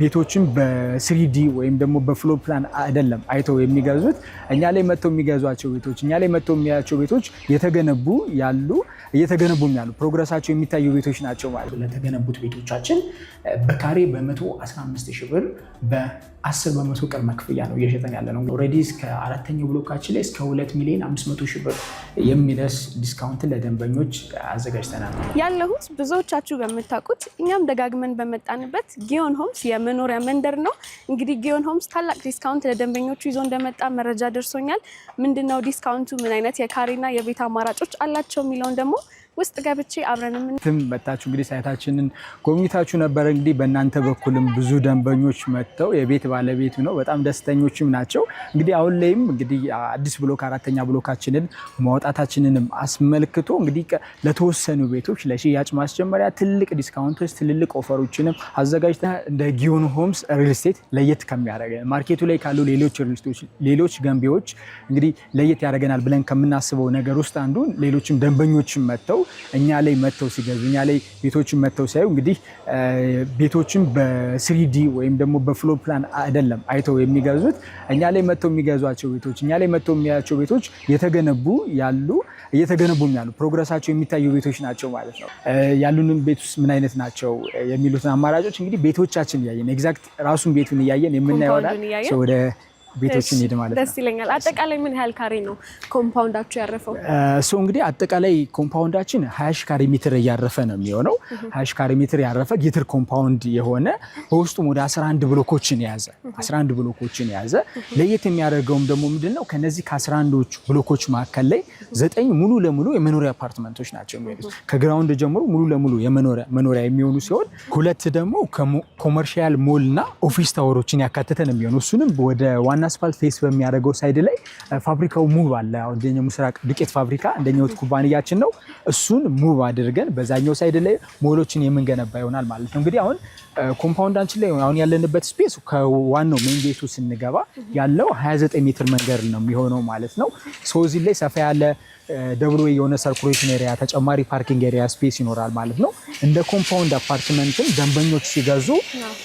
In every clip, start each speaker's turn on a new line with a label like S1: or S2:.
S1: ቤቶችን በስሪዲ ወይም ደግሞ በፍሎ ፕላን አይደለም አይተው የሚገዙት። እኛ ላይ መጥተው የሚገዟቸው ቤቶች እኛ ላይ መጥተው የሚያያቸው ቤቶች የተገነቡ ያሉ እየተገነቡ ያሉ ፕሮግረሳቸው የሚታዩ ቤቶች ናቸው ማለት ለተገነቡት ቤቶቻችን በካሬ በ115 ሺህ ብር አስር በመቶ ቅድመ ክፍያ ነው እየሸጠን ያለ ነው። ኦልሬዲ እስከ አራተኛው ብሎካችን ላይ እስከ ሁለት ሚሊዮን አምስት መቶ ሺህ ብር የሚደርስ ዲስካውንትን ለደንበኞች አዘጋጅተናል።
S2: ያለሁት ብዙዎቻችሁ በምታውቁት እኛም ደጋግመን በመጣንበት ጊዮን ሆምስ የመኖሪያ መንደር ነው። እንግዲህ ጊዮን ሆምስ ታላቅ ዲስካውንት ለደንበኞቹ ይዞ እንደመጣ መረጃ ደርሶኛል። ምንድነው ዲስካውንቱ? ምን አይነት የካሬና የቤት አማራጮች አላቸው የሚለውን ደግሞ ውስጥ ገብቼ አብረን
S1: ምን መጣችሁ እንግዲህ ሳይታችንን ጎብኝታችሁ ነበረ። እንግዲህ በእናንተ በኩልም ብዙ ደንበኞች መጥተው የቤት ባለቤቱ ነው በጣም ደስተኞችም ናቸው። እንግዲህ አሁን ላይም እንግዲህ አዲስ ብሎክ አራተኛ ብሎካችንን ማውጣታችንንም አስመልክቶ እንግዲህ ለተወሰኑ ቤቶች ለሽያጭ ማስጀመሪያ ትልቅ ዲስካውንቶች፣ ትልልቅ ኦፈሮችንም አዘጋጅተን እንደ ጊዮን ሆምስ ሪል ስቴት ለየት ከሚያደረገ ማርኬቱ ላይ ካሉ ሌሎች ሪልስቴቶች ሌሎች ገንቢዎች እንግዲህ ለየት ያደርገናል ብለን ከምናስበው ነገር ውስጥ አንዱ ሌሎችም ደንበኞችም መጥተው እኛ ላይ መጥተው ሲገዙ እኛ ላይ ቤቶችን መጥተው ሲያዩ እንግዲህ ቤቶችን በስሪዲ ወይም ደግሞ በፍሎ ፕላን አይደለም አይተው የሚገዙት። እኛ ላይ መጥተው የሚገዟቸው ቤቶች እኛ ላይ መጥተው የሚያያቸው ቤቶች የተገነቡ ያሉ እየተገነቡ ያሉ ፕሮግረሳቸው የሚታዩ ቤቶች ናቸው ማለት ነው። ያሉንን ቤት ውስጥ ምን አይነት ናቸው የሚሉትን አማራጮች እንግዲህ ቤቶቻችን እያየን ኤግዛክት ራሱን ቤቱን እያየን የምናየው ወደ ቤቶችን ሄድ ማለት ነው።
S2: ደስ ይለኛል። አጠቃላይ ምን ያህል ካሬ ነው ኮምፓውንዳችሁ ያረፈው?
S1: እሱ እንግዲህ አጠቃላይ ኮምፓውንዳችን ሀያ ካሬ ሜትር እያረፈ ነው የሚሆነው። ሀያ ካሬ ሜትር ያረፈ ጌትር ኮምፓውንድ የሆነ በውስጡም ወደ 11 ብሎኮችን የያዘ 11 ብሎኮችን የያዘ ለየት የሚያደርገውም ደግሞ ምንድን ነው ከነዚህ ከ11ዶች ብሎኮች መካከል ላይ ዘጠኝ ሙሉ ለሙሉ የመኖሪያ አፓርትመንቶች ናቸው የሚሄዱት ከግራውንድ ጀምሮ ሙሉ ለሙሉ መኖሪያ የሚሆኑ ሲሆን ሁለት ደግሞ ኮመርሻል ሞልና ኦፊስ ታወሮችን ያካተተ ነው የሚሆኑ እሱንም ወደ ዋና አስፋልት ፌስ በሚያደርገው ሳይድ ላይ ፋብሪካው ሙቭ አለ። አንደኛው ምስራቅ ዱቄት ፋብሪካ አንደኛው ኩባንያችን ነው። እሱን ሙቭ አድርገን በዛኛው ሳይድ ላይ ሞሎችን የምንገነባ ይሆናል ማለት ነው። እንግዲህ አሁን ኮምፓውንዳችን ላይ አሁን ያለንበት ስፔስ ከዋናው ሜን ጌቱ ስንገባ ያለው 29 ሜትር መንገድ ነው የሚሆነው ማለት ነው። ሰው እዚህ ላይ ሰፋ ያለ ደብሎ የሆነ ሰርኩሌሽን ኤሪያ ተጨማሪ ፓርኪንግ ኤሪያ ስፔስ ይኖራል ማለት ነው። እንደ ኮምፓውንድ አፓርትመንትም ደንበኞች ሲገዙ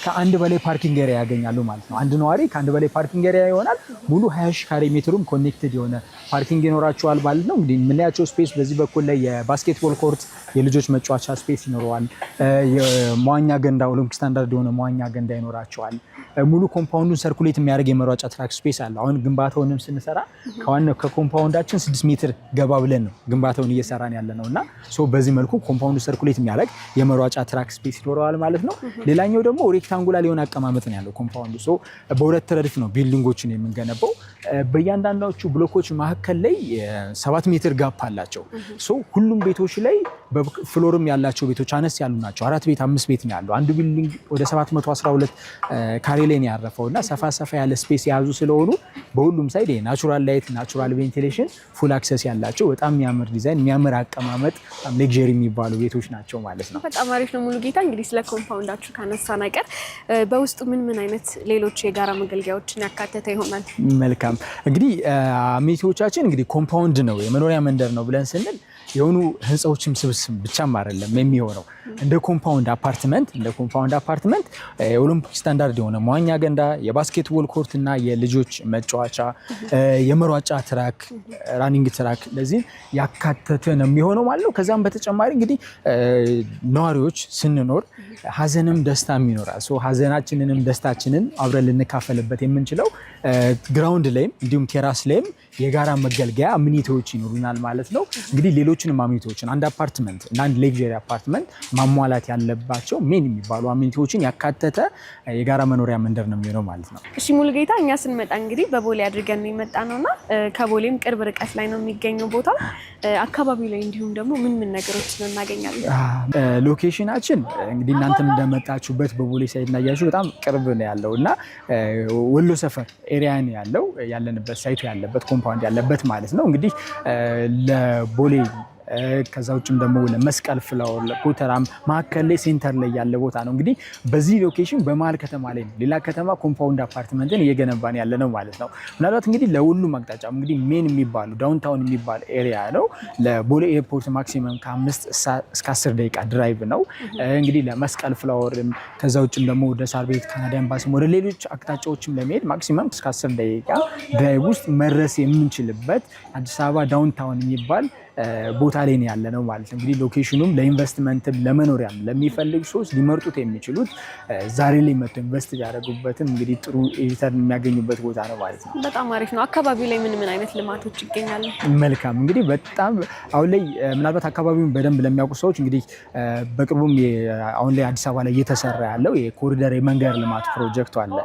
S1: ከአንድ በላይ ፓርኪንግ ኤሪያ ያገኛሉ ማለት ነው። አንድ ነዋሪ ከአንድ በላይ ፓርኪንግ ኤሪያ ይሆናል። ሙሉ 20 ሺህ ካሬ ሜትሩም ኮኔክትድ የሆነ ፓርኪንግ ይኖራቸዋል ማለት ነው። እንግዲህ የምናያቸው ስፔስ በዚህ በኩል ላይ የባስኬትቦል ኮርት፣ የልጆች መጫወቻ ስፔስ ይኖረዋል። መዋኛ ገንዳ ኦሎምፒክ ስታንዳርድ የሆነ መዋኛ ገንዳ ይኖራቸዋል። ሙሉ ኮምፓውንዱን ሰርኩሌት የሚያደርግ የመሯጫ ትራክ ስፔስ አለ። አሁን ግንባታውንም ስንሰራ ከዋናው ከኮምፓውንዳችን ስድስት ሜትር ገባ ብለን ነው ግንባታውን እየሰራን ያለ ነው እና በዚህ መልኩ ኮምፓውንዱ ሰርኩሌት የሚያደርግ የመሯጫ ትራክ ስፔስ ይኖረዋል ማለት ነው። ሌላኛው ደግሞ ሬክታንጉላር የሆነ አቀማመጥ ነው ያለው ኮምፓውንዱ። በሁለት ረድፍ ነው ቢልዲንጎችን የምንገነባው። በእያንዳንዳዎቹ ብሎኮች መካከል ላይ ሰባት ሜትር ጋፕ አላቸው። ሁሉም ቤቶች ላይ ፍሎርም ያላቸው ቤቶች አነስ ያሉ ናቸው። አራት ቤት አምስት ቤት ነው ያለው አንዱ ቢልዲንግ ወደ 712 ካሬ መሬት ላይ ያረፈው እና ሰፋ ሰፋ ያለ ስፔስ የያዙ ስለሆኑ በሁሉም ሳይድ ናቹራል ላይት፣ ናቹራል ቬንቲሌሽን፣ ፉል አክሰስ ያላቸው በጣም የሚያምር ዲዛይን፣ የሚያምር አቀማመጥ ሌክዠሪ የሚባሉ ቤቶች ናቸው ማለት
S2: ነው። በጣም አሪፍ ነው። ሙሉ ጌታ እንግዲህ ስለ ኮምፓውንዳችሁ ካነሳ ነገር በውስጡ ምን ምን አይነት ሌሎች የጋራ መገልገያዎችን ያካተተ ይሆናል?
S1: መልካም እንግዲህ አሜቴዎቻችን እንግዲህ ኮምፓውንድ ነው የመኖሪያ መንደር ነው ብለን ስንል የሆኑ ህንፃዎችም ስብስብ ብቻም አይደለም የሚሆነው። እንደ ኮምፓውንድ አፓርትመንት እንደ ኮምፓውንድ አፓርትመንት የኦሎምፒክ ስታንዳርድ የሆነ መዋኛ ገንዳ፣ የባስኬትቦል ኮርት እና የልጆች መጫወቻ፣ የመሯጫ ትራክ፣ ራኒንግ ትራክ ለዚህም ያካተተ ነው የሚሆነው ማለት ነው። ከዛም በተጨማሪ እንግዲህ ነዋሪዎች ስንኖር ሀዘንም ደስታም ይኖራል። ሀዘናችንንም ደስታችንን አብረን ልንካፈልበት የምንችለው ግራውንድ ላይም እንዲሁም ቴራስ ላይም የጋራ መገልገያ አሚኒቲዎች ይኖሩናል ማለት ነው። እንግዲህ ሌሎችንም አሚኒቲዎችን አንድ አፓርትመንት እና አንድ ሌግዥሪ አፓርትመንት ማሟላት ያለባቸው ሜን የሚባሉ አሚኒቲዎችን ያካተተ የጋራ መኖሪያ መንደር ነው የሚሆነው ማለት ነው።
S2: እሺ ሙሉጌታ፣ እኛ ስንመጣ እንግዲህ በቦሌ አድርገን ነው የመጣ እና ከቦሌም ቅርብ ርቀት ላይ ነው የሚገኘው ቦታ። አካባቢው ላይ እንዲሁም ደግሞ ምን ምን ነው እናገኛለን?
S1: ሎኬሽናችን እንግዲህ እናንተም እንደመጣችሁበት በቦሌ ሳይድ እናያችሁ በጣም ቅርብ ነው ያለው እና ወሎ ሰፈር ኤሪያ ነው ያለው ያለንበት ሳይቱ ያለበት ኮምፓውንድ ያለበት ማለት ነው። እንግዲህ ለቦሌ ከዛ ውጭም ደግሞ ለመስቀል ፍላወር ለኮተራም መካከል ላይ ሴንተር ላይ ያለ ቦታ ነው። እንግዲህ በዚህ ሎኬሽን በመሀል ከተማ ላይ ነው። ሌላ ከተማ ኮምፓውንድ አፓርትመንትን እየገነባን ያለ ነው ማለት ነው። ምናልባት እንግዲህ ለሁሉም አቅጣጫ እንግዲህ ሜን የሚባሉ ዳውንታውን የሚባል ኤሪያ ነው። ለቦሌ ኤርፖርት ማክሲመም ከአምስት እስከ አስር ደቂቃ ድራይቭ ነው። እንግዲህ ለመስቀል ፍላወርም ከዛ ውጭም ደግሞ ወደ ሳር ቤት ካናዳ ኤምባሲም ወደ ሌሎች አቅጣጫዎችም ለመሄድ ማክሲመም እስከ አስር ደቂቃ ድራይቭ ውስጥ መድረስ የምንችልበት አዲስ አበባ ዳውንታውን የሚባል ቦታ ላይ ነው ያለ ነው ማለት እንግዲህ ሎኬሽኑም ለኢንቨስትመንትም ለመኖሪያም ለሚፈልግ ሰዎች ሊመርጡት የሚችሉት ዛሬ ላይ መጥቶ ኢንቨስት ያደረጉበትም እንግዲህ ጥሩ ኤዲተር የሚያገኙበት ቦታ ነው ማለት ነው።
S2: በጣም አሪፍ ነው። አካባቢው ላይ ምን ምን አይነት ልማቶች ይገኛሉ?
S1: መልካም እንግዲህ በጣም አሁን ላይ ምናልባት አካባቢውን በደንብ ለሚያውቁ ሰዎች እንግዲህ በቅርቡም አሁን ላይ አዲስ አበባ ላይ እየተሰራ ያለው የኮሪደር የመንገድ ልማት ፕሮጀክቱ አለ።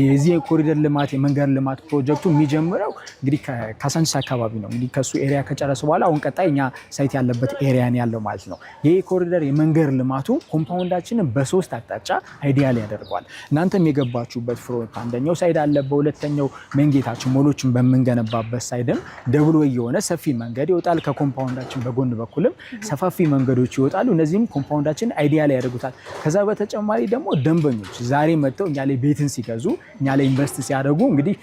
S1: የዚህ የኮሪደር ልማት የመንገድ ልማት ፕሮጀክቱ የሚጀምረው እንግዲህ ካሳንቺስ አካባቢ ነው። እንግዲህ ከሱ ኤሪያ ከጨረሰ በኋላ አሁን ቀጣ ቀጣይ እኛ ሳይት ያለበት ኤሪያን ያለው ማለት ነው። ይህ ኮሪደር የመንገድ ልማቱ ኮምፓውንዳችንን በሶስት አቅጣጫ አይዲያል ያደርገዋል። እናንተም የገባችሁበት ፍሮንት አንደኛው ሳይድ አለ። በሁለተኛው መንጌታችን ሞሎችን በምንገነባበት ሳይድም ደብሎ የሆነ ሰፊ መንገድ ይወጣል። ከኮምፓውንዳችን በጎን በኩልም ሰፋፊ መንገዶች ይወጣሉ። እነዚህም ኮምፓውንዳችን አይዲያል ያደርጉታል። ከዛ በተጨማሪ ደግሞ ደንበኞች ዛሬ መጥተው እኛ ላይ ቤትን ሲገዙ እኛ ላይ ኢንቨስት ሲያደርጉ እንግዲህ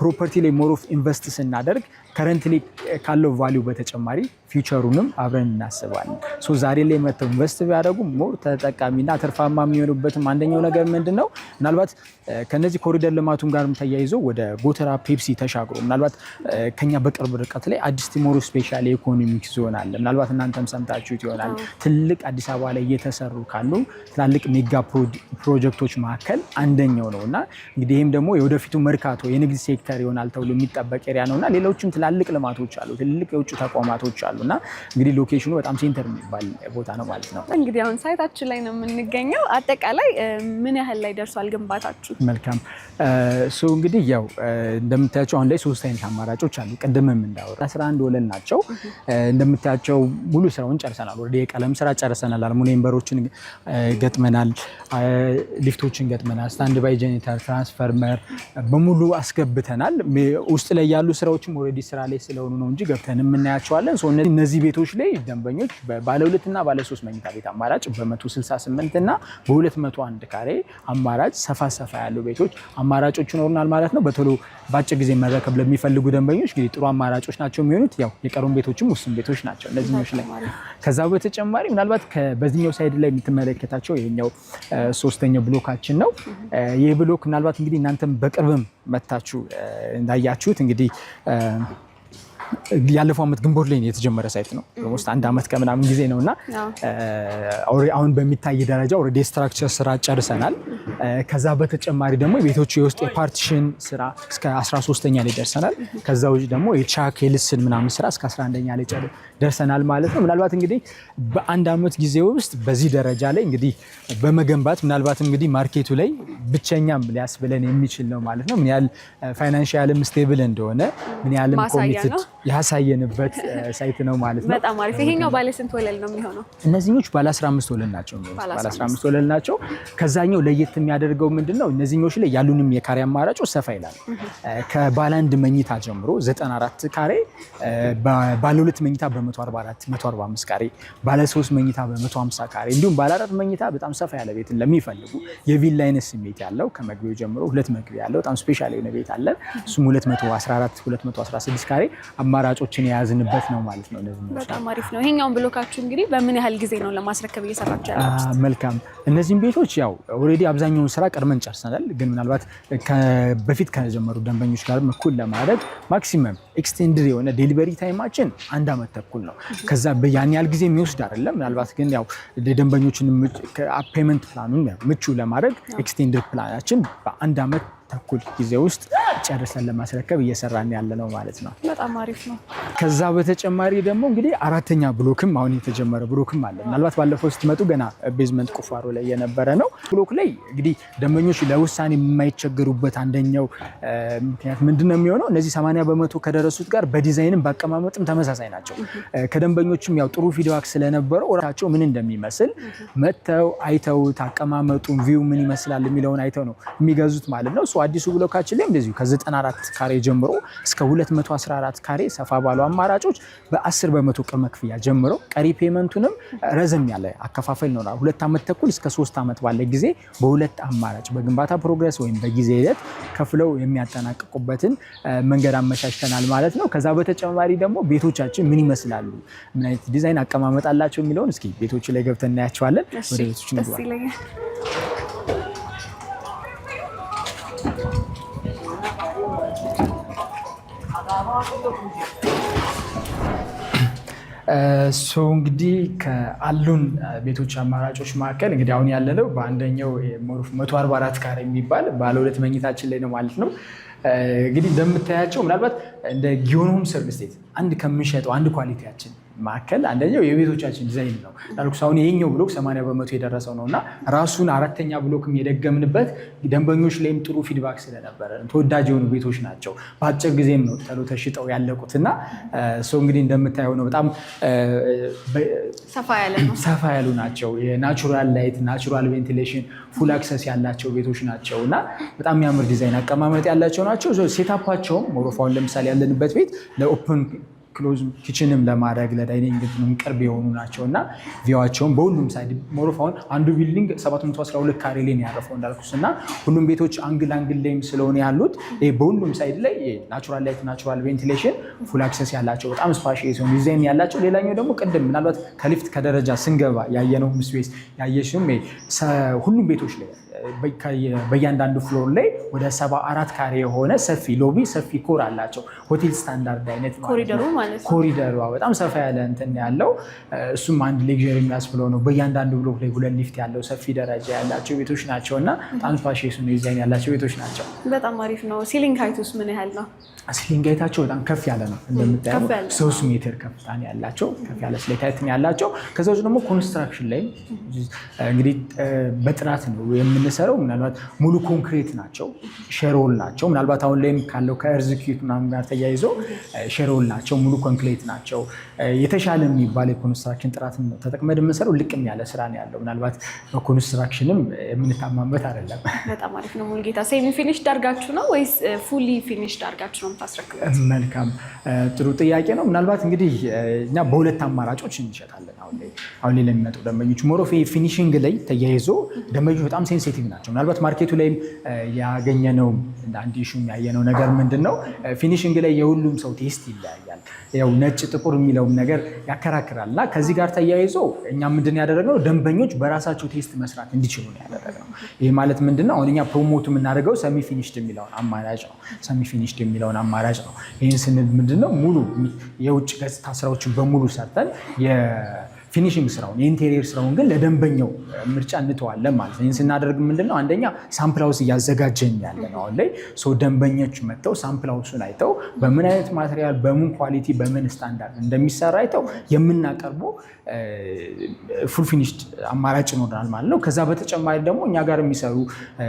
S1: ፕሮፐርቲ ላይ ሞሮፍ ኢንቨስት ስናደርግ ከረንትሊ ካለው ቫሊዩ በተጨማሪ ፊውቸሩንም አብረን እናስባለን። ዛሬ ላይ መጥተው ኢንቨስት ቢያደርጉ ሞር ተጠቃሚና ትርፋማ የሚሆኑበትም አንደኛው ነገር ምንድን ነው ምናልባት ከነዚህ ኮሪደር ልማቱም ጋር ተያይዞ ወደ ጎተራ ፔፕሲ ተሻግሮ ምናልባት ከኛ በቅርብ ርቀት ላይ አዲስ ቲሞሮ ስፔሻል የኢኮኖሚክ ዞን አለ። ምናልባት እናንተም ሰምታችሁት ይሆናል። ትልቅ አዲስ አበባ ላይ እየተሰሩ ካሉ ትላልቅ ሜጋ ፕሮጀክቶች መካከል አንደኛው ነው እና እንግዲህ ይህም ደግሞ የወደፊቱ መርካቶ የንግድ ሴክተር ይሆናል ተብሎ የሚጠበቅ ኤሪያ ነው እና ሌሎችም ትላልቅ ልማቶች አሉ። ትልልቅ የውጭ ተቋማቶች አሉ። እና እንግዲህ ሎኬሽኑ በጣም ሴንተር የሚባል ቦታ ነው ማለት ነው።
S2: እንግዲህ አሁን ሳይታችን ላይ ነው የምንገኘው። አጠቃላይ ምን ያህል ላይ ደርሷል ግንባታችሁ?
S1: መልካም እሱ እንግዲህ ያው እንደምታያቸው አሁን ላይ ሶስት አይነት አማራጮች አሉ። ቅድምም እንዳወራ አስራ አንድ ወለል ናቸው። እንደምታያቸው ሙሉ ስራውን ጨርሰናል። ወደ የቀለም ስራ ጨርሰናል። አልሙኒየም በሮችን ገጥመናል። ሊፍቶችን ገጥመናል። ስታንድ ባይ ጀኔተር፣ ትራንስፈርመር በሙሉ አስገብተናል። ውስጥ ላይ ያሉ ስራዎችም ኦልሬዲ ስራ ላይ ስለሆኑ ነው እንጂ ገብተን የምናያቸዋለን። እነዚህ ቤቶች ላይ ደንበኞች ባለ ሁለት እና ባለ ሶስት መኝታ ቤት አማራጭ በ168 እና በ201 ካሬ አማራጭ ሰፋ ሰፋ ያሉ ቤቶች አማራጮች ይኖሩናል ማለት ነው። በቶሎ በአጭር ጊዜ መረከብ ለሚፈልጉ ደንበኞች እንግዲህ ጥሩ አማራጮች ናቸው የሚሆኑት። ያው የቀሩን ቤቶችም ውስን ቤቶች ናቸው እነዚህኞች ላይ። ከዛ በተጨማሪ ምናልባት በዚህኛው ሳይድ ላይ የምትመለከታቸው ይሄኛው ሶስተኛው ብሎካችን ነው። ይህ ብሎክ ምናልባት እንግዲህ እናንተም በቅርብም መታችሁ እንዳያችሁት እንግዲህ ያለፈው አመት ግንቦት ላይ የተጀመረ ሳይት ነው። ስ አንድ አመት ከምናምን ጊዜ ነው እና አሁን በሚታይ ደረጃ ኦልሬዲ የስትራክቸር ስራ ጨርሰናል። ከዛ በተጨማሪ ደግሞ ቤቶቹ የውስጥ የፓርቲሽን ስራ እስከ 13ኛ ላይ ደርሰናል። ከዛ ውጭ ደግሞ የቻክ የልስን ምናምን ስራ እስከ 11ኛ ላይ ደርሰናል ማለት ነው። ምናልባት እንግዲህ በአንድ አመት ጊዜ ውስጥ በዚህ ደረጃ ላይ እንግዲህ በመገንባት ምናልባት እንግዲህ ማርኬቱ ላይ ብቸኛም ሊያስብለን የሚችል ነው ማለት ነው ምን ያህል ፋይናንሽያልም ስቴብል እንደሆነ ምን ያህልም ኮሚትድ ያሳየንበት ሳይት ነው ማለት ነው።
S2: በጣም አሪፍ። ይሄኛው ባለ ስንት ወለል ነው የሚሆነው?
S1: እነዚህኞች ባለ 15 ወለል ናቸው። ባለ 15 ወለል ናቸው። ከዛኛው ለየት የሚያደርገው ምንድነው እነዚህኞች ላይ ያሉንም የካሬ አማራጮች ሰፋ ይላል። ከባለ አንድ መኝታ ጀምሮ 94 ካሬ፣ ባለ ሁለት መኝታ በ144 145 ካሬ፣ ባለ 3 መኝታ በ150 ካሬ እንዲሁም ባለ አራት መኝታ በጣም ሰፋ ያለ ቤትን ለሚፈልጉ የቪላ አይነት ስሜት ያለው ከመግቢያው ጀምሮ ሁለት መግቢያ ያለው በጣም ስፔሻል የሆነ ቤት አለ። እሱም 214 216 ካሬ አማራ አማራጮችን የያዝንበት ነው ማለት ነው።
S2: በጣም አሪፍ ነው። ይሄኛውን ብሎካችሁ እንግዲህ በምን ያህል ጊዜ ነው ለማስረከብ እየሰራችሁ ያላችሁ?
S1: መልካም። እነዚህም ቤቶች ያው ኦልሬዲ አብዛኛውን ስራ ቀድመን ጨርሰናል፣ ግን ምናልባት በፊት ከጀመሩ ደንበኞች ጋር እኩል ለማድረግ ማክሲመም ኤክስቴንድድ የሆነ ዴሊቨሪ ታይማችን አንድ አመት ተኩል ነው። ከዛ ያን ያህል ጊዜ የሚወስድ አይደለም። ምናልባት ግን ያው ደንበኞችን ፔመንት ፕላኑን ምቹ ለማድረግ ኤክስቴንድድ ፕላናችን በአንድ አመት ተኩል ጊዜ ውስጥ ጨርሰን ለማስረከብ እየሰራን ያለ ነው ማለት ነው።
S2: በጣም አሪፍ ነው።
S1: ከዛ በተጨማሪ ደግሞ እንግዲህ አራተኛ ብሎክም አሁን የተጀመረ ብሎክም አለ። ምናልባት ባለፈው ስትመጡ ገና ቤዝመንት ቁፋሮ ላይ የነበረ ነው። ብሎክ ላይ እንግዲህ ደንበኞች ለውሳኔ የማይቸገሩበት አንደኛው ምክንያት ምንድን ነው የሚሆነው እነዚህ 80 በመቶ ከደረሱት ጋር በዲዛይንም በአቀማመጥም ተመሳሳይ ናቸው። ከደንበኞችም ያው ጥሩ ፊድባክ ስለነበረው ራቸው ምን እንደሚመስል መጥተው አይተውት አቀማመጡ ቪው ምን ይመስላል የሚለውን አይተው ነው የሚገዙት ማለት ነው። አዲሱ ብሎካችን ላይ እንደዚሁ 94 ካሬ ጀምሮ እስከ 214 ካሬ ሰፋ ባሉ አማራጮች በ10 በመቶ ቅድመ ክፍያ ጀምሮ ቀሪ ፔመንቱንም ረዘም ያለ አከፋፈል ነው። ሁለት ዓመት ተኩል እስከ ሶስት ዓመት ባለ ጊዜ በሁለት አማራጭ በግንባታ ፕሮግረስ ወይም በጊዜ ሂደት ከፍለው የሚያጠናቅቁበትን መንገድ አመቻችተናል ማለት ነው። ከዛ በተጨማሪ ደግሞ ቤቶቻችን ምን ይመስላሉ፣ ምን አይነት ዲዛይን አቀማመጥ አላቸው የሚለውን እስኪ ቤቶቹ ላይ ገብተን እናያቸዋለን።
S2: ወደ ቤቶች
S1: እሱ uh, እንግዲህ ከአሉን uh, ቤቶች አማራጮች መካከል እንግዲህ አሁን ያለነው በአንደኛው ሞሩፍ 144 ካሬ የሚባል ባለ ሁለት መኝታችን ላይ ነው ማለት ነው። uh, እንግዲህ እንደምታያቸው ምናልባት እንደ ጊዮኖም ስር አንድ ከምንሸጠው አንድ ኳሊቲያችን መካከል አንደኛው የቤቶቻችን ዲዛይን ነው ላልኩስ አሁን ብሎክ 80 በመቶ የደረሰው ነው እና ራሱን አራተኛ ብሎክም የደገምንበት ደንበኞች ላይም ጥሩ ፊድባክ ስለነበረ ተወዳጅ የሆኑ ቤቶች ናቸው። በአጭር ጊዜም ነው ተሎ ተሽጠው ያለቁት እና ሰው እንግዲህ እንደምታየው ነው። በጣም ሰፋ ያሉ ናቸው። የናቹራል ላይት፣ ናቹራል ቬንቲሌሽን፣ ፉል አክሰስ ያላቸው ቤቶች ናቸው እና በጣም የሚያምር ዲዛይን አቀማመጥ ያላቸው ናቸው። ሴታፓቸውም ሞሮፋውን ለምሳሌ ያለንበት ቤት ለኦፕን ክሎዝ ኪችንም ለማድረግ ለዳይኒንግ ቅርብ የሆኑ ናቸው እና ቪዋቸውን በሁሉም ሳይድ ሞሮፍ አሁን አንዱ ቢልዲንግ 712 ካሬ ላይ ያረፈው እንዳልኩስ እና ሁሉም ቤቶች አንግል አንግል ላይም ስለሆነ ያሉት በሁሉም ሳይድ ላይ ናቹራል ላይት፣ ናቹራል ቬንቲሌሽን፣ ፉል አክሰስ ያላቸው በጣም ስፓሽ ሲሆን ዲዛይን ያላቸው። ሌላኛው ደግሞ ቅድም ምናልባት ከሊፍት ከደረጃ ስንገባ ያየነው ስፔስ ያየሽም ሁሉም ቤቶች ላይ በእያንዳንዱ ፍሎር ላይ ወደ ሰባ አራት ካሬ የሆነ ሰፊ ሎቢ ሰፊ ኮር አላቸው ሆቴል ስታንዳርድ አይነት ኮሪደሩ ኮሪደሯ በጣም ሰፋ ያለ እንትን ያለው እሱም አንድ ሌክዥር የሚያስብለው ነው። በእያንዳንዱ ብሎክ ላይ ሁለት ሊፍት ያለው ሰፊ ደረጃ ያላቸው ቤቶች ናቸው እና በጣም ፋሽ የሱ ዲዛይን ያላቸው ቤቶች ናቸው።
S2: በጣም አሪፍ ነው። ሲሊንግ ሀይቱስ ምን ያህል ነው?
S1: ሲሊንግ ሀይታቸው በጣም ከፍ ያለ ነው። እንደምታየው ሶስት ሜትር ከፍታ ያላቸው ከፍ ያለ ስሌት ሀይት ያላቸው። ከዛ ውጭ ደግሞ ኮንስትራክሽን ላይ እንግዲህ በጥራት ነው የምንሰራው። ምናልባት ሙሉ ኮንክሪት ናቸው፣ ሸሮል ናቸው። ምናልባት አሁን ላይም ካለው ከእርዝ ኪዩት ምናምን ጋር ተያይዞ ሸሮል ናቸው ግሉኮን ፕሌት ናቸው። የተሻለ የሚባል የኮንስትራክሽን ጥራት ተጠቅመን የምንሰራው ልቅም ያለ ስራ ነው ያለው። ምናልባት በኮንስትራክሽንም የምንታማበት አይደለም።
S2: በጣም አሪፍ ነው። ሙልጌታ ሴሚ ፊኒሽ ዳርጋችሁ ነው ወይስ ፉሊ ፊኒሽ ዳርጋችሁ ነው
S1: የምታስረክበት? መልካም ጥሩ ጥያቄ ነው። ምናልባት እንግዲህ እኛ በሁለት አማራጮች እንሸጣለን። አሁን ላይ አሁን ላይ ለሚመጡ ደንበኞች ሞሮፌ ፊኒሽንግ ላይ ተያይዞ ደንበኞች በጣም ሴንሲቲቭ ናቸው። ምናልባት ማርኬቱ ላይም ያገኘነው አንድ ሹ ያየነው ነገር ምንድን ነው ፊኒሽንግ ላይ የሁሉም ሰው ቴስት ይለያያል። ያው ነጭ ጥቁር የሚለውም ነገር ያከራክራል እና ከዚህ ጋር ተያይዞ እኛ ምንድን ያደረግነው ደንበኞች በራሳቸው ቴስት መስራት እንዲችሉ ነው ያደረግነው። ይህ ማለት ምንድነው? አሁን እኛ ፕሮሞቱ የምናደርገው ሰሚ ፊኒሽድ የሚለውን አማራጭ ነው። ሰሚ ፊኒሽድ የሚለውን አማራጭ ነው። ይህን ስንል ምንድነው ሙሉ የውጭ ገጽታ ስራዎችን በሙሉ ሰርተን ፊኒሽንግ ስራውን የኢንቴሪየር ስራውን ግን ለደንበኛው ምርጫ እንተዋለን ማለት ነው። ስናደርግ ምንድነው አንደኛ ሳምፕል ሀውስ እያዘጋጀን ያለ ነው አሁን ላይ ሰው ደንበኞች መጥተው ሳምፕል ሀውሱን አይተው በምን አይነት ማቴሪያል፣ በምን ኳሊቲ፣ በምን ስታንዳርድ እንደሚሰራ አይተው የምናቀርበው ፉልፊኒሽድ አማራጭ ይኖረናል ማለት ነው። ከዛ በተጨማሪ ደግሞ እኛ ጋር የሚሰሩ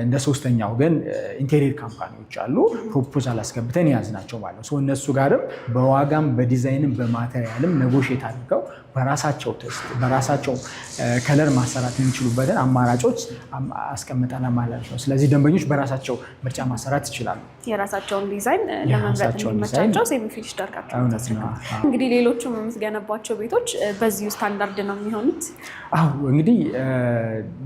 S1: እንደ ሶስተኛ ወገን ኢንቴሪየር ካምፓኒዎች አሉ። ፕሮፖዛል አስገብተን የያዝናቸው ማለት ነው። እነሱ ጋርም በዋጋም በዲዛይንም በማቴሪያልም ነጎሼት አድርገው በራሳቸው ቴስት በራሳቸው ከለር ማሰራት የሚችሉበትን አማራጮች አስቀምጠናል ማለት ነው። ስለዚህ ደንበኞች በራሳቸው ምርጫ ማሰራት ይችላሉ።
S2: የራሳቸውን ዲዛይን ለመምረጥ እንዲመቻቸው ሴሚፊኒሽ ዳርጋቸው እንግዲህ ሌሎችም የምትገነባቸው ቤቶች በዚህ ውስጥ ስታንዳርድ ነው የሚሆኑት።
S1: አዎ እንግዲህ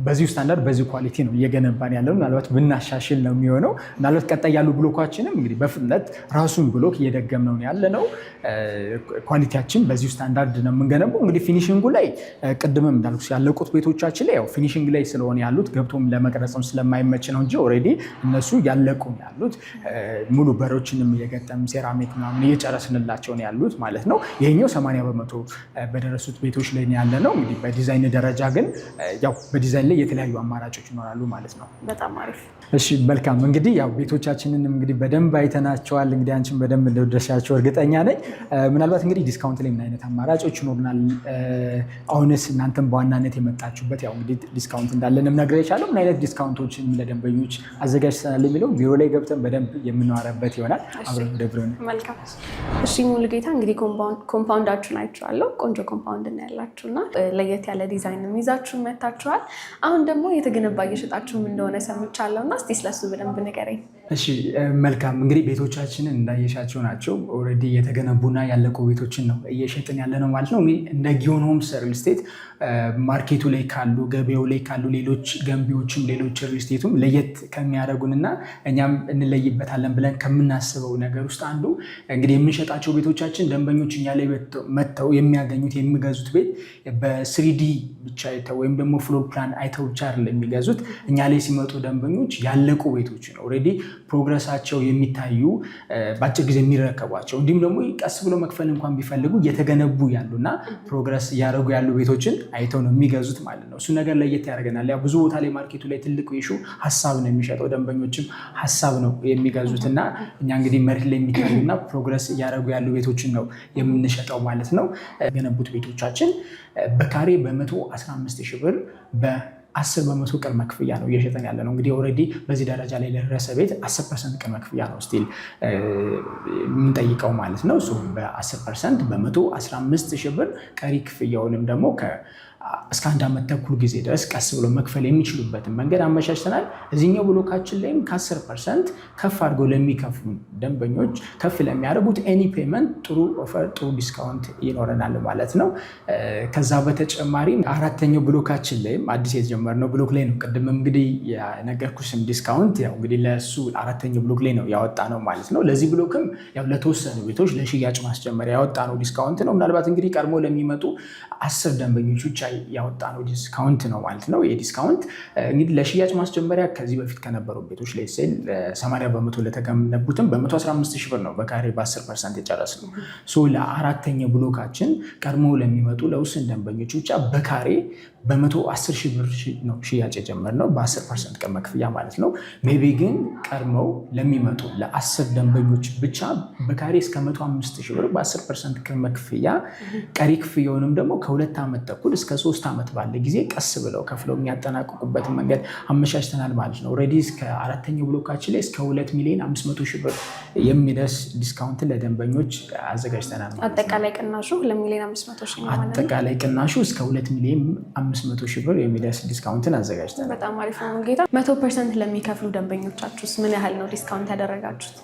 S1: በዚሁ ስታንዳርድ በዚሁ ኳሊቲ ነው እየገነባን ያለው። ምናልባት ብናሻሽል ነው የሚሆነው። ምናልባት ቀጣይ ያሉ ብሎካችንም እንግዲህ በፍጥነት ራሱን ብሎክ ነው ያለ ነው። ኳሊቲያችን በዚሁ ስታንዳርድ ነው የምንገነባው። እንግዲህ ፊኒሽንጉ ላይ ቅድምም እንዳልኩት ያለቁት ቤቶቻችን ላይ ያው ፊኒሽንግ ላይ ስለሆነ ያሉት ገብቶም ለመቅረጽም ስለማይመች ነው እንጂ ኦልሬዲ እነሱ ያለቁ ያሉት ሙሉ በሮችንም እየገጠም ሴራሚክ ምናምን እየጨረስንላቸውን ያሉት ማለት ነው። ይሄኛው ሰማንያ በመቶ በደረሱት ቤቶች ላይ ያለ ነው እንግዲህ በዲዛይን ደረጃ ግን ያው በዲዛይን ላይ የተለያዩ አማራጮች ይኖራሉ ማለት ነው። በጣም አሪፍ። እሺ መልካም እንግዲህ ያው ቤቶቻችንን እንግዲህ በደንብ አይተናቸዋል። እንግዲህ አንቺን በደንብ እንደወደሻቸው እርግጠኛ ነኝ። ምናልባት እንግዲህ ዲስካውንት ላይ ምን አይነት አማራጮች ይኖሩናል? አሁንስ እናንተን በዋናነት የመጣችሁበት ያው እንግዲህ ዲስካውንት እንዳለንም ነገር የቻለው ምን አይነት ዲስካውንቶችን ለደንበኞች አዘጋጅተናል የሚለው ቢሮ ላይ ገብተን በደንብ የምንዋረበት ይሆናል። አብረን ወደ
S2: እሺ ሙሉጌታ እንግዲህ ኮምፓውንዳችሁን አይቼዋለሁ። ቆንጆ ኮምፓውንድ እናያላችሁ እና ለየት ያለ ዲዛይን ዲዛይንም ይዛችሁ መታችኋል። አሁን ደግሞ የተገነባ እየሸጣችሁም እንደሆነ ሰምቻለሁ እና እስቲ ስለሱ በደንብ ንገረኝ።
S1: እሺ መልካም እንግዲህ ቤቶቻችንን እንዳየሻቸው ናቸው። ኦልሬዲ የተገነቡና ያለቁ ቤቶችን ነው እየሸጥን ያለ ነው ማለት ነው። እንደ ጊዮን ሆምስ ሪል ስቴት ማርኬቱ ላይ ካሉ ገበያው ላይ ካሉ ሌሎች ገንቢዎችም ሌሎች ሪል ስቴቱም ለየት ከሚያደርጉንና እኛም እንለይበታለን ብለን ከምናስበው ነገር ውስጥ አንዱ እንግዲህ የምንሸጣቸው ቤቶቻችን ደንበኞች እኛ ላይ መጥተው የሚያገኙት የሚገዙት ቤት በስሪዲ ብቻ አይተው ወይም ደግሞ ፍሎ ፕላን አይተው ብቻ አይደለም የሚገዙት። እኛ ላይ ሲመጡ ደንበኞች ያለቁ ቤቶች ነው ኦልሬዲ ፕሮግረሳቸው የሚታዩ በአጭር ጊዜ የሚረከቧቸው እንዲሁም ደግሞ ቀስ ብሎ መክፈል እንኳን ቢፈልጉ እየተገነቡ ያሉና ፕሮግረስ እያደረጉ ያሉ ቤቶችን አይተው ነው የሚገዙት ማለት ነው። እሱ ነገር ለየት ያደርገናል። ያው ብዙ ቦታ ላይ ማርኬቱ ላይ ትልቁ ይሹ ሀሳብ ነው የሚሸጠው፣ ደንበኞችም ሀሳብ ነው የሚገዙት እና እኛ እንግዲህ መሬት ላይ የሚታዩና ፕሮግረስ እያደረጉ ያሉ ቤቶችን ነው የምንሸጠው ማለት ነው። የገነቡት ቤቶቻችን በካሬ በመቶ 115 ሺህ ብር በ10 በመቶ ቅድመ ክፍያ ነው እየሸጠን ያለ ነው። እንግዲህ ኦልሬዲ በዚህ ደረጃ ላይ ለደረሰ ቤት 10 ፐርሰንት ቅድመ ክፍያ ነው ስቲል የምንጠይቀው ማለት ነው። በ10 ፐርሰንት በ115 ብር ቀሪ ክፍያውንም ደግሞ እስከ አንድ ዓመት ተኩል ጊዜ ድረስ ቀስ ብሎ መክፈል የሚችሉበትን መንገድ አመቻችተናል። እዚህኛው ብሎካችን ላይም ከ10 ፐርሰንት ከፍ አድርገው ለሚከፍሉ ደንበኞች ከፍ ለሚያደርጉት ኤኒ ፔመንት ጥሩ ኦፈር፣ ጥሩ ዲስካውንት ይኖረናል ማለት ነው። ከዛ በተጨማሪ አራተኛው ብሎካችን ላይም አዲስ የተጀመርነው ብሎክ ላይ ነው። ቅድም እንግዲህ የነገርኩሽም ዲስካውንት ያው እንግዲህ ለእሱ አራተኛው ብሎክ ላይ ነው ያወጣ ነው ማለት ነው። ለዚህ ብሎክም ያው ለተወሰኑ ቤቶች ለሽያጭ ማስጀመሪያ ያወጣ ነው ዲስካውንት ነው። ምናልባት እንግዲህ ቀድሞ ለሚመጡ አስር ደንበኞች ብቻ ያወጣ ነው ዲስካውንት ነው ማለት ነው። ይሄ ዲስካውንት እንግዲህ ለሽያጭ ማስጀመሪያ ከዚህ በፊት ከነበሩ ቤቶች ላይ ሴል 80 በመቶ ለተገነቡትም በ115 ሺህ ብር ነው በካሬ በ10 ፐርሰንት የጨረስነው። ለአራተኛ ብሎካችን ቀድሞ ለሚመጡ ለውስን ደንበኞች ብቻ በካሬ በ 10 ሺህ ብር ነው ሽያጭ የጀመርነው በ10 ፐርሰንት ቅድመ ክፍያ ማለት ነው። ሜቢ ግን ቀድመው ለሚመጡ ለአስር ደንበኞች ብቻ በካሬ እስከ 105 ሺህ ብር በ10 ፐርሰንት ቅድመ ክፍያ ቀሪ ክፍያውንም ደግሞ ከሁለት ዓመት ተኩል እስከ ሶስት ዓመት ባለ ጊዜ ቀስ ብለው ከፍለው የሚያጠናቅቁበትን መንገድ አመቻችተናል ማለት ነው። ኦልሬዲ እስከ አራተኛው ብሎካችን ላይ እስከ ሁለት ሚሊዮን አምስት መቶ ሺህ ብር የሚደርስ ዲስካውንትን ለደንበኞች አዘጋጅተናል። አጠቃላይ ቅናሹ እስከ ሁለት ሚሊዮን አምስት መቶ ሺህ ብር የሚደርስ ዲስካውንትን አዘጋጅተናል።
S2: በጣም አሪፍ ነው። ጌታ። መቶ ፐርሰንት ለሚከፍሉ ደንበኞቻችሁስ ምን ያህል ነው ዲስካውንት ያደረጋችሁት?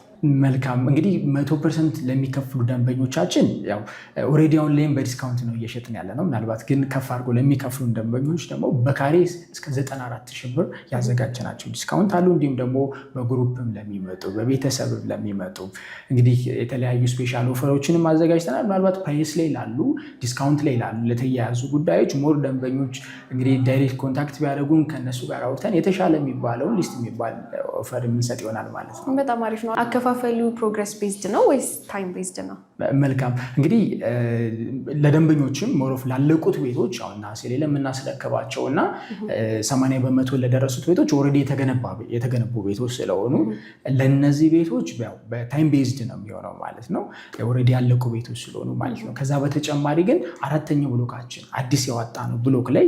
S1: መልካም እንግዲህ መቶ ፐርሰንት ለሚከፍሉ ደንበኞቻችን ያው ኦልሬዲ አሁን ላይም በዲስካውንት ነው እየሸጥን ያለ ነው። ምናልባት ግን ከፍ አድርጎ ለሚከፍሉ ደንበኞች ደግሞ በካሬ እስከ 94 ሺህ ብር ያዘጋጀናቸው ዲስካውንት አሉ። እንዲሁም ደግሞ በግሩፕም ለሚመጡ በቤተሰብም ለሚመጡ እንግዲህ የተለያዩ ስፔሻል ኦፈሮችንም አዘጋጅተናል። ምናልባት ፕራይስ ላይ ላሉ ዲስካውንት ላይ ላሉ ለተያያዙ ጉዳዮች ሞር ደንበኞች እንግዲህ ዳይሬክት ኮንታክት ቢያደርጉን ከነሱ ጋር አውርተን የተሻለ የሚባለውን ሊስት የሚባል ኦፈር የምንሰጥ ይሆናል ማለት
S2: ነው። በጣም አሪፍ ነው። አከፋፈሉ ፕሮግረስ ቤዝድ ነው ወይስ ታይም ቤዝድ ነው?
S1: መልካም እንግዲህ ለደንበኞችም ሞሮፍ ላለቁት ቤቶች አሁን ነሐሴ ላይ እና ሰማንያ በመቶ ለደረሱት ቤቶች ኦልሬዲ የተገነቡ ቤቶች ስለሆኑ ለእነዚህ ቤቶች በታይም ቤዝድ ነው የሚሆነው ማለት ነው። ኦልሬዲ ያለቁ ቤቶች ስለሆኑ ማለት ነው። ከዛ በተጨማሪ ግን አራተኛው ብሎካችን አዲስ ያወጣ ነው ብሎክ ላይ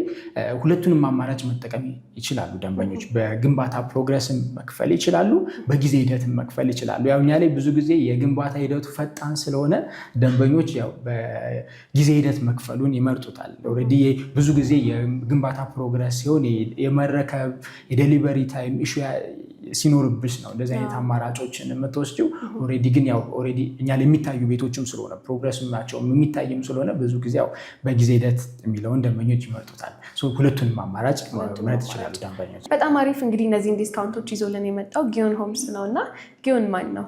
S1: ሁለቱንም አማራጭ መጠቀም ይችላሉ ደንበኞች። በግንባታ ፕሮግረስን መክፈል ይችላሉ፣ በጊዜ ሂደትን መክፈል ይችላሉ። ያው እኛ ላይ ብዙ ጊዜ የግንባታ ሂደቱ ፈጣን ስለሆነ ደንበኞች ያው በጊዜ ሂደት መክፈሉን ይመርጡታል። ኦልሬዲ ብዙ ጊዜ የግንባታ ፕሮግረስ ሲሆን የመረከብ የደሊቨሪ ታይም ሲኖርብሽ ነው እንደዚህ አይነት አማራጮችን የምትወስጂው። ኦልሬዲ ግን ያው ኦልሬዲ እኛ የሚታዩ ቤቶችም ስለሆነ ናቸውም የሚታይም ስለሆነ ብዙ ጊዜ ያው በጊዜ ሂደት የሚለውን ደንበኞች ይመርጡታል። ሁለቱንም አማራጭ ማለት ይችላሉ ደንበኞች።
S2: በጣም አሪፍ። እንግዲህ እነዚህን ዲስካውንቶች ይዞልን የመጣው ጊዮን ሆምስ ነው እና ጊዮን ማን ነው?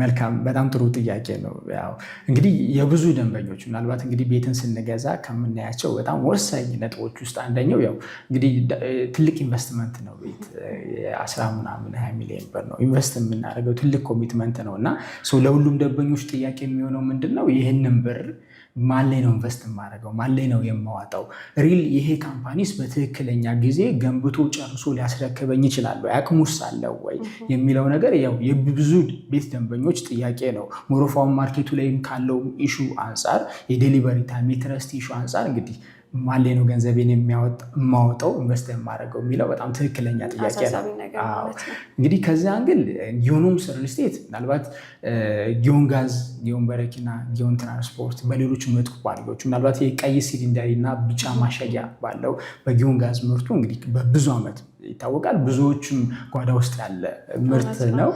S1: መልካም በጣም ጥሩ ጥያቄ ነው። ያው እንግዲህ የብዙ ደንበኞች ምናልባት እንግዲህ ቤትን ስንገዛ ከምናያቸው በጣም ወሳኝ ነጥቦች ውስጥ አንደኛው ያው እንግዲህ ትልቅ ኢንቨስትመንት ነው። ቤት አስራ ምናምን ሀያ ሚሊዮን ብር ነው ኢንቨስት የምናደርገው ትልቅ ኮሚትመንት ነው እና ለሁሉም ደንበኞች ጥያቄ የሚሆነው ምንድን ነው ይህንን ብር ማን ነው ኢንቨስት የማደርገው? ማን ነው የማዋጣው? ሪል ይሄ ካምፓኒስ በትክክለኛ ጊዜ ገንብቶ ጨርሶ ሊያስረክበኝ ይችላል ወይ? አቅሙስ አለው ወይ የሚለው ነገር ያው የብዙ ቤት ደንበኞች ጥያቄ ነው። ሞሮፋውን ማርኬቱ ላይም ካለው ኢሹ አንጻር የዴሊቨሪ ታይም የትረስት ኢሹ አንጻር እንግዲህ ማሌ ነው ገንዘቤን የማወጣው ኢንቨስት የማደርገው የሚለው በጣም ትክክለኛ ጥያቄ ነው። እንግዲህ ከዚያ አንግል ጊዮኖም ሪል ስቴት ምናልባት ጊዮን ጋዝ፣ ጊዮን በረኪና፣ ጊዮን ትራንስፖርት በሌሎች ምርት ኩባንያዎች ምናልባት የቀይ ሲሊንደሪ እና ቢጫ ማሸጊያ ባለው በጊዮን ጋዝ ምርቱ እንግዲህ በብዙ ዓመት ይታወቃል። ብዙዎችም ጓዳ ውስጥ ያለ ምርት ነው።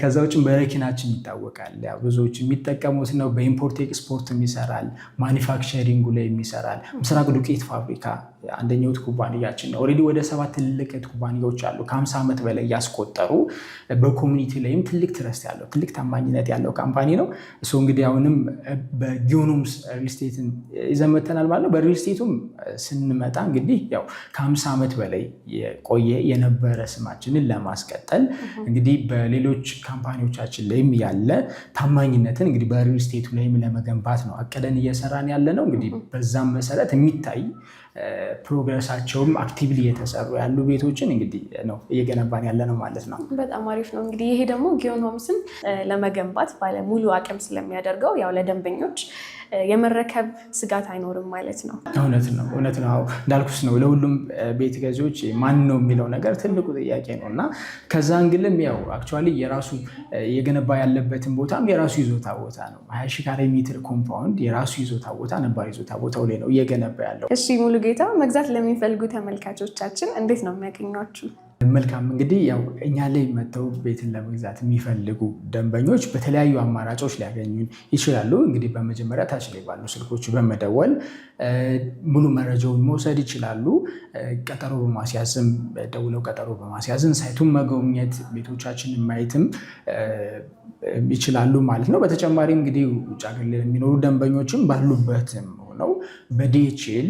S1: ከዛ ውጭም በረኪናችን ይታወቃል። ብዙዎች የሚጠቀሙት ነው። በኢምፖርት ኤክስፖርትም ይሰራል። ማኒፋክቸሪንጉ ላይ ይሰራል። ምስራቅ ዱቄት ፋብሪካ አንደኛው ኩባንያችን ነው። ኦልሬዲ ወደ ሰባት ትልቅ ኩባንያዎች አሉ ከ50 ዓመት በላይ ያስቆጠሩ በኮሚኒቲ ላይም ትልቅ ትረስት ያለው ትልቅ ታማኝነት ያለው ካምፓኒ ነው። እሱ እንግዲህ አሁንም በጊዮኖምስ ሪልስቴትን ይዘመተናል ማለት ነው። በሪልስቴቱም ስንመጣ እንግዲህ ያው ከ50 ዓመት በላይ የቆየ የነበረ ስማችንን ለማስቀጠል እንግዲህ በሌሎች ካምፓኒዎቻችን ላይም ያለ ታማኝነትን እንግዲህ በሪልስቴቱ ላይም ለመገንባት ነው አቅደን እየሰራን ያለ ነው። እንግዲህ በዛም መሰረት የሚታይ ፕሮግረሳቸውም አክቲቭሊ የተሰሩ ያሉ ቤቶችን እንግዲህ ነው እየገነባን ያለ ነው ማለት ነው።
S2: በጣም አሪፍ ነው። እንግዲህ ይሄ ደግሞ ጊዮን ሆምስን ለመገንባት ባለ ሙሉ አቅም ስለሚያደርገው ያው ለደንበኞች የመረከብ ስጋት አይኖርም ማለት ነው።
S1: እውነት ነው፣ እውነት ነው። እንዳልኩስ ነው ለሁሉም ቤት ገዢዎች ማን ነው የሚለው ነገር ትልቁ ጥያቄ ነው እና ከዛ እንግልም ያው አክቹዋሊ የራሱ የገነባ ያለበትን ቦታም የራሱ ይዞታ ቦታ ነው። ሀያ ሺህ ካሬ ሜትር ኮምፓውንድ የራሱ ይዞታ ቦታ ነባር ይዞታ ቦታው ላይ ነው እየገነባ ያለው።
S2: እሺ ሙሉ ጌታ መግዛት ለሚፈልጉ ተመልካቾቻችን እንዴት ነው የሚያገኟችሁ?
S1: መልካም እንግዲህ ያው እኛ ላይ መጥተው ቤትን ለመግዛት የሚፈልጉ ደንበኞች በተለያዩ አማራጮች ሊያገኙን ይችላሉ። እንግዲህ በመጀመሪያ ታች ላይ ባሉ ስልኮች በመደወል ሙሉ መረጃውን መውሰድ ይችላሉ። ቀጠሮ በማስያዝም ደውለው ቀጠሮ በማስያዝን ሳይቱን መጎብኘት ቤቶቻችንን ማየትም ይችላሉ ማለት ነው። በተጨማሪ እንግዲህ ውጭ ሀገር የሚኖሩ ደንበኞችም ባሉበትም ነው። በዲኤችኤል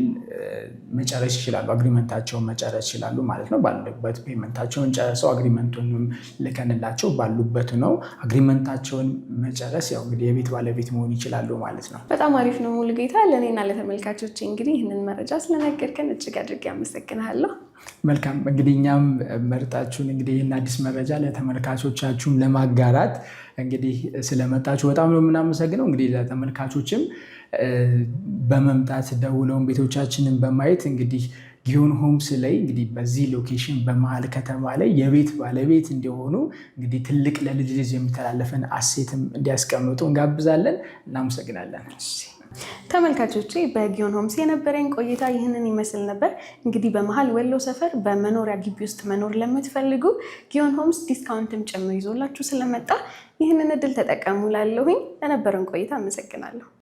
S1: መጨረስ ይችላሉ፣ አግሪመንታቸውን መጨረስ ይችላሉ ማለት ነው። ባሉበት ፔመንታቸውን ጨረሰው አግሪመንቱንም ልከንላቸው ባሉበት ነው። አግሪመንታቸውን መጨረስ ያው እንግዲህ የቤት ባለቤት መሆን ይችላሉ ማለት ነው።
S2: በጣም አሪፍ ነው ሙሉጌታ። ለእኔና ለተመልካቾች እንግዲህ ይህንን መረጃ ስለነገርከን እጅግ አድርጌ አመሰግናለሁ።
S1: መልካም እንግዲህ እኛም መርጣችሁን እንግዲህ ይህን አዲስ መረጃ ለተመልካቾቻችሁን ለማጋራት እንግዲህ ስለመጣችሁ በጣም ነው የምናመሰግነው። እንግዲህ ለተመልካቾችም በመምጣት ደውለውን ቤቶቻችንን በማየት እንግዲህ ጊዮን ሆምስ ላይ እንግዲህ በዚህ ሎኬሽን በመሀል ከተማ ላይ የቤት ባለቤት እንዲሆኑ እንግዲህ ትልቅ ለልጅ ልጅ የሚተላለፈን አሴትም እንዲያስቀምጡ እንጋብዛለን። እናመሰግናለን።
S2: ተመልካቾቼ በጊዮን ሆምስ የነበረኝ ቆይታ ይህንን ይመስል ነበር። እንግዲህ በመሀል ወሎ ሰፈር በመኖሪያ ግቢ ውስጥ መኖር ለምትፈልጉ ጊዮን ሆምስ ዲስካውንትም ጨምሮ ይዞላችሁ ስለመጣ ይህንን እድል ተጠቀሙ። ላለሁኝ ለነበረን ቆይታ አመሰግናለሁ።